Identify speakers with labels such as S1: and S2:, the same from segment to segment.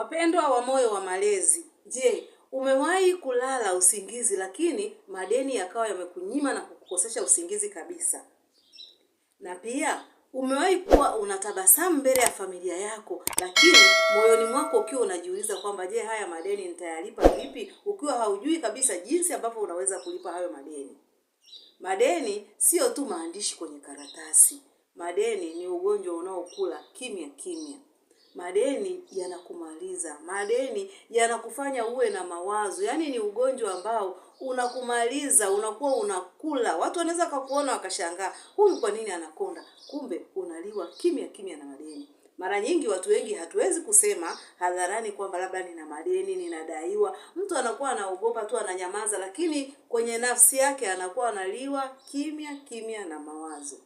S1: Wapendwa wa Moyo wa Malezi, je, umewahi kulala usingizi lakini madeni yakawa yamekunyima na kukukosesha usingizi kabisa? Na pia umewahi kuwa unatabasamu mbele ya familia yako, lakini moyoni mwako ukiwa unajiuliza kwamba je, haya madeni nitayalipa vipi, ukiwa haujui kabisa jinsi ambavyo unaweza kulipa hayo madeni. Madeni sio tu maandishi kwenye karatasi. Madeni ni ugonjwa unaokula kimya kimya madeni yanakumaliza, madeni yanakufanya uwe na mawazo. Yaani ni ugonjwa ambao unakumaliza, unakuwa unakula. Watu wanaweza kakuona wakashangaa, huyu kwa nini anakonda? Kumbe unaliwa kimya kimya na madeni. Mara nyingi watu wengi hatuwezi kusema hadharani kwamba labda nina madeni, ninadaiwa. Mtu anakuwa anaogopa tu, ananyamaza, lakini kwenye nafsi yake anakuwa analiwa kimya kimya na mawazo.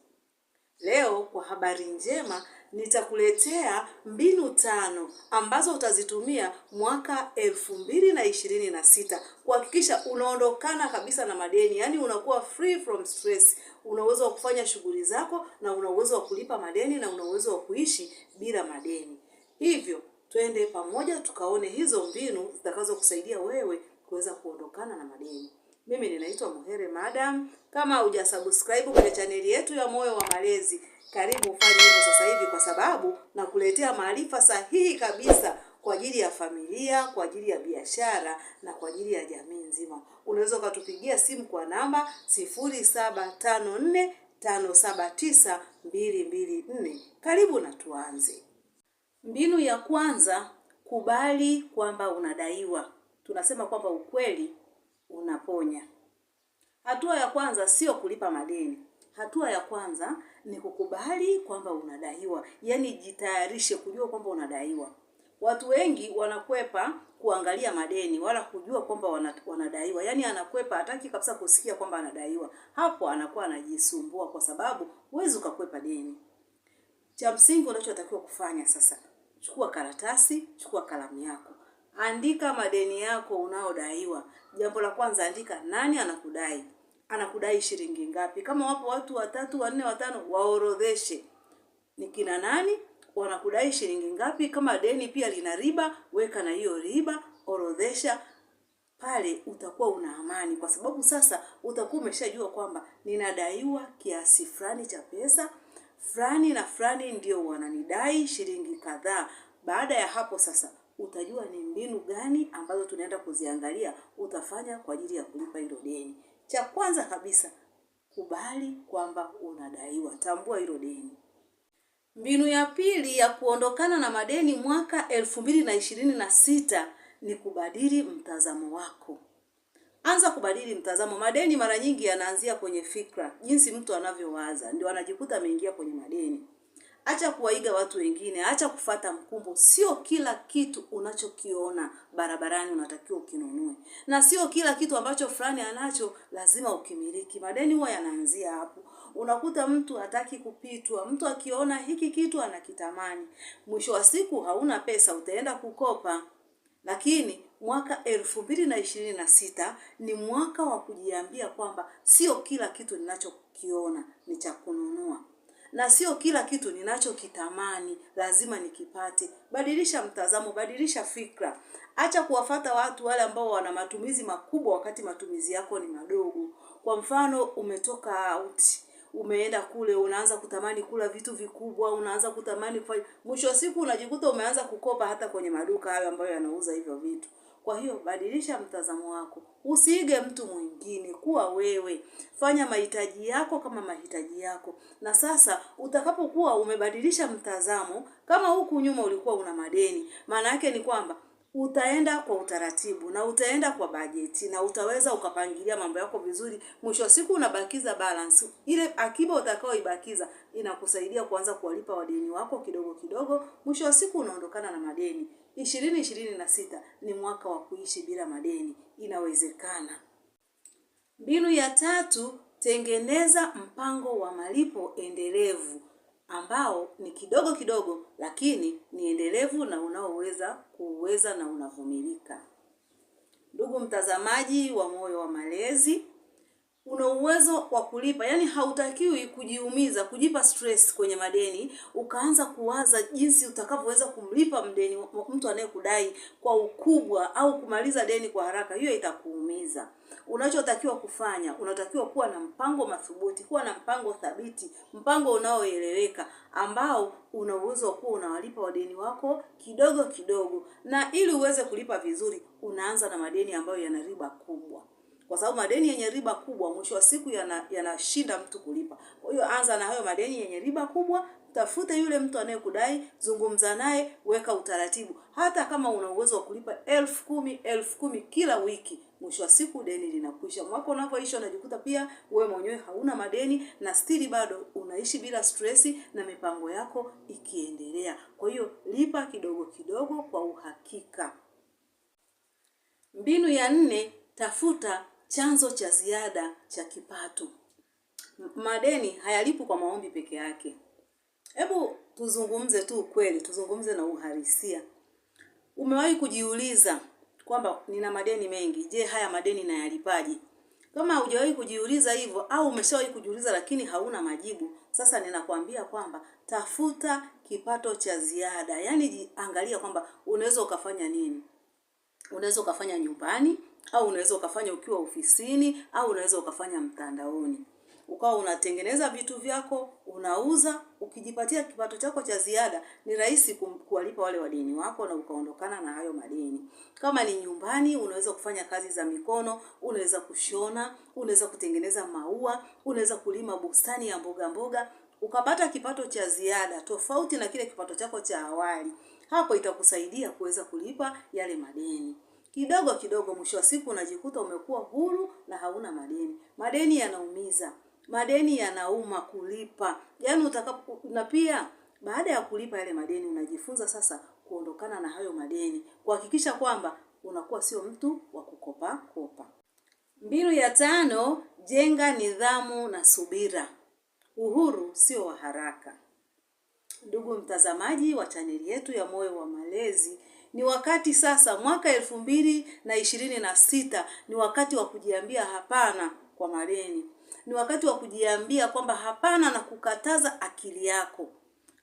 S1: Leo kwa habari njema nitakuletea mbinu tano ambazo utazitumia mwaka elfu mbili na ishirini na sita kuhakikisha unaondokana kabisa na madeni, yaani unakuwa free from stress. Una uwezo wa kufanya shughuli zako na una uwezo wa kulipa madeni na una uwezo wa kuishi bila madeni. Hivyo twende pamoja tukaone hizo mbinu zitakazokusaidia wewe kuweza kuondokana na madeni. Mimi ninaitwa Muhere Madam. Kama hujasubscribe kwenye chaneli yetu ya Moyo wa Malezi, karibu ufanye hivyo sasa hivi, kwa sababu nakuletea maarifa sahihi kabisa kwa ajili ya familia, kwa ajili ya biashara na kwa ajili ya jamii nzima. Unaweza ukatupigia simu kwa namba 0754579224. Karibu na tuanze. Mbinu ya kwanza, kubali kwamba unadaiwa. Tunasema kwamba ukweli unaponya. Hatua ya kwanza sio kulipa madeni. Hatua ya kwanza ni kukubali kwamba unadaiwa, yaani jitayarishe kujua kwamba unadaiwa. Watu wengi wanakwepa kuangalia madeni wala kujua kwamba wanadaiwa, yaani anakwepa, hataki kabisa kusikia kwamba anadaiwa. Hapo anakuwa anajisumbua, kwa sababu huwezi ukakwepa deni. Cha msingi unachotakiwa kufanya sasa, chukua karatasi, chukua kalamu yako, Andika madeni yako unaodaiwa. Jambo la kwanza, andika nani anakudai, anakudai shilingi ngapi. Kama wapo watu watatu, wanne, watano, waorodheshe ni kina nani, wanakudai shilingi ngapi. Kama deni pia lina riba, weka na hiyo riba, orodhesha pale utakuwa una amani, kwa sababu sasa utakuwa umeshajua kwamba ninadaiwa kiasi fulani cha pesa fulani na fulani, ndio wananidai shilingi kadhaa. Baada ya hapo sasa utajua ni mbinu gani ambazo tunaenda kuziangalia utafanya kwa ajili ya kulipa hilo deni. Cha kwanza kabisa, kubali kwamba unadaiwa, tambua hilo deni. Mbinu ya pili ya kuondokana na madeni mwaka elfu mbili na ishirini na sita ni kubadili mtazamo wako. Anza kubadili mtazamo. Madeni mara nyingi yanaanzia kwenye fikra, jinsi mtu anavyowaza, ndio anajikuta ameingia kwenye madeni acha kuwaiga watu wengine, acha kufata mkumbo. Sio kila kitu unachokiona barabarani unatakiwa ukinunue, na sio kila kitu ambacho fulani anacho lazima ukimiliki. Madeni huwa yanaanzia hapo. Unakuta mtu hataki kupitwa, mtu akiona hiki kitu anakitamani. Mwisho wa siku hauna pesa, utaenda kukopa. Lakini mwaka elfu mbili na ishirini na sita ni mwaka wa kujiambia kwamba sio kila kitu ninachokiona ni cha kununua na sio kila kitu ninachokitamani lazima nikipate. Badilisha mtazamo, badilisha fikra. Acha kuwafata watu wale ambao wana matumizi makubwa wakati matumizi yako ni madogo. Kwa mfano, umetoka out, umeenda kule, unaanza kutamani kula vitu vikubwa, unaanza kutamani kufanya, mwisho wa siku unajikuta umeanza kukopa hata kwenye maduka hayo ambayo yanauza hivyo vitu. Kwa hiyo badilisha mtazamo wako, usiige mtu mwingine, kuwa wewe. Fanya mahitaji yako kama mahitaji yako. Na sasa utakapokuwa umebadilisha mtazamo, kama huku nyuma ulikuwa una madeni, maana yake ni kwamba utaenda kwa utaratibu na utaenda kwa bajeti na utaweza ukapangilia mambo yako vizuri. Mwisho wa siku unabakiza balance ile akiba utakaoibakiza inakusaidia kuanza kuwalipa wadeni wako kidogo kidogo. Mwisho wa siku unaondokana na madeni. Ishirini ishirini na sita ni mwaka wa kuishi bila madeni, inawezekana. Mbinu ya tatu, tengeneza mpango wa malipo endelevu ambao ni kidogo kidogo, lakini ni endelevu na unaoweza kuuweza na unavumilika. Ndugu mtazamaji wa Moyo wa Malezi, una uwezo wa kulipa, yaani hautakiwi kujiumiza, kujipa stress kwenye madeni, ukaanza kuwaza jinsi utakavyoweza kumlipa mdeni, mtu anayekudai kwa ukubwa au kumaliza deni kwa haraka. Hiyo itakuumiza unachotakiwa kufanya, unatakiwa kuwa na mpango madhubuti, kuwa na mpango thabiti, mpango unaoeleweka ambao una uwezo kuwa unawalipa wadeni wako kidogo kidogo, na ili uweze kulipa vizuri, unaanza na madeni ambayo yana riba kubwa kwa sababu madeni yenye riba kubwa mwisho wa siku yanashinda yana mtu kulipa. Kwa hiyo anza na hayo madeni yenye riba kubwa, tafute yule mtu anayekudai, zungumza naye, weka utaratibu. Hata kama una uwezo wa kulipa elfu kumi elfu kumi kila wiki, mwisho wa siku deni linakwisha. Mwaka unavyoisha unajikuta pia wewe mwenyewe hauna madeni na stili bado unaishi bila stresi na mipango yako ikiendelea. Kwa hiyo lipa kidogo kidogo kwa uhakika. Mbinu ya nne, tafuta chanzo cha ziada cha kipato. Madeni hayalipu kwa maombi peke yake. Hebu tuzungumze tu ukweli, tuzungumze na uhalisia. Umewahi kujiuliza kwamba nina madeni mengi. Je, haya madeni nayalipaje? Kama hujawahi kujiuliza hivyo au umeshawahi kujiuliza lakini hauna majibu, sasa ninakwambia kwamba tafuta kipato cha ziada, yaani angalia kwamba unaweza ukafanya nini. Unaweza ukafanya nyumbani, au unaweza ukafanya ukiwa ofisini, au unaweza ukafanya mtandaoni ukawa unatengeneza vitu vyako unauza, ukijipatia kipato chako cha ziada, ni rahisi kuwalipa wale wadeni wako na ukaondokana na hayo madeni. Kama ni nyumbani, unaweza kufanya kazi za mikono, unaweza kushona, unaweza kutengeneza maua, unaweza kulima bustani ya mboga mboga, ukapata kipato cha ziada tofauti na kile kipato chako cha awali. Hapo itakusaidia kuweza kulipa yale madeni kidogo kidogo. Mwisho wa siku unajikuta umekuwa huru na hauna madeni. Madeni yanaumiza madeni yanauma kulipa, yaani utakapo, na pia baada ya kulipa yale madeni unajifunza sasa kuondokana na hayo madeni, kuhakikisha kwamba unakuwa sio mtu wa kukopa kopa. Mbinu ya tano, jenga nidhamu na subira. Uhuru sio wa haraka. Ndugu mtazamaji wa chaneli yetu ya Moyo wa Malezi, ni wakati sasa, mwaka elfu mbili na ishirini na sita ni wakati wa kujiambia hapana kwa madeni ni wakati wa kujiambia kwamba hapana na kukataza akili yako.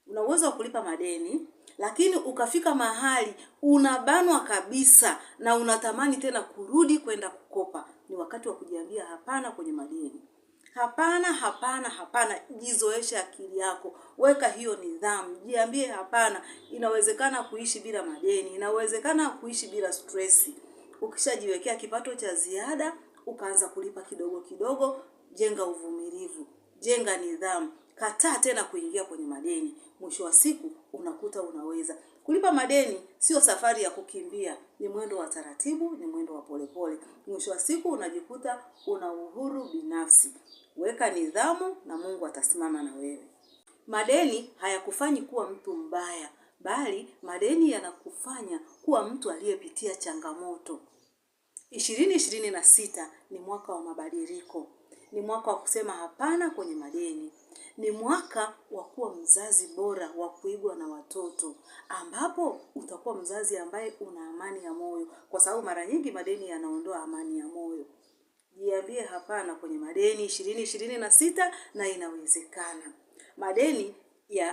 S1: Una uwezo wa kulipa madeni, lakini ukafika mahali unabanwa kabisa na unatamani tena kurudi kwenda kukopa. Ni wakati wa kujiambia hapana kwenye madeni. Hapana, hapana, hapana. Jizoeshe akili yako, weka hiyo nidhamu, jiambie hapana. Inawezekana kuishi bila madeni, inawezekana kuishi bila stresi. Ukishajiwekea kipato cha ziada, ukaanza kulipa kidogo kidogo, jenga uvumilivu, jenga nidhamu, kataa tena kuingia kwenye madeni. Mwisho wa siku unakuta unaweza kulipa madeni. Sio safari ya kukimbia, ni mwendo wa taratibu, ni mwendo wa polepole. Mwisho wa siku unajikuta una uhuru binafsi. Weka nidhamu na Mungu atasimama na wewe. Madeni hayakufanyi kuwa mtu mbaya, bali madeni yanakufanya kuwa mtu aliyepitia changamoto. Ishirini ishirini na sita ni mwaka wa mabadiliko ni mwaka wa kusema hapana kwenye madeni. Ni mwaka wa kuwa mzazi bora wa kuigwa na watoto, ambapo utakuwa mzazi ambaye una amani ya moyo, kwa sababu mara nyingi madeni yanaondoa amani ya moyo. Jiambie hapana kwenye madeni ishirini ishirini na sita na inawezekana. Madeni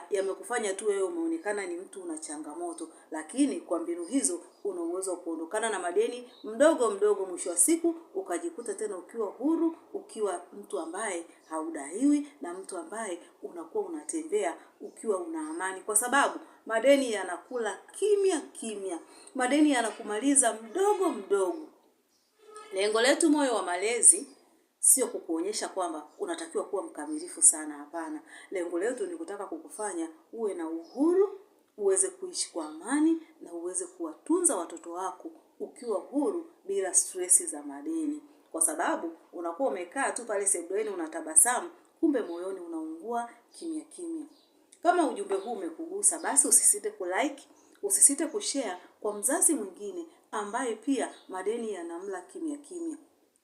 S1: yamekufanya tu wewe umeonekana ni mtu una changamoto, lakini kwa mbinu hizo una uwezo wa kuondokana na madeni mdogo mdogo, mwisho wa siku ukajikuta tena ukiwa huru, ukiwa mtu ambaye haudaiwi na mtu ambaye unakuwa unatembea ukiwa una amani, kwa sababu madeni yanakula kimya kimya, madeni yanakumaliza mdogo mdogo. Lengo letu Moyo wa Malezi sio kukuonyesha kwamba unatakiwa kuwa mkamilifu sana. Hapana, lengo letu ni kutaka kukufanya uwe na uhuru, uweze kuishi kwa amani na uweze kuwatunza watoto wako ukiwa huru, bila stresi za madeni, kwa sababu unakuwa umekaa tu pale sebuleni unatabasamu, kumbe moyoni unaungua kimya kimya. Kama ujumbe huu umekugusa, basi usisite kulike, usisite kushare kwa mzazi mwingine ambaye pia madeni yanamla kimya kimya.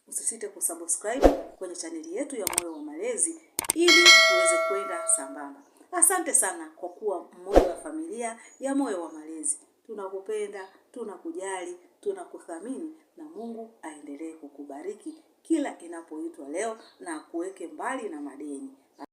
S1: Usisite kusubscribe kwenye chaneli yetu ya Moyo wa Malezi ili tuweze kwenda sambamba. Asante sana kwa kuwa mmoja wa familia ya Moyo wa Malezi. Tunakupenda, tunakujali, tunakuthamini na Mungu aendelee kukubariki kila inapoitwa leo na kuweke mbali na madeni.